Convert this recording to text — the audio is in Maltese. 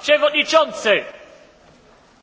przewodniczący!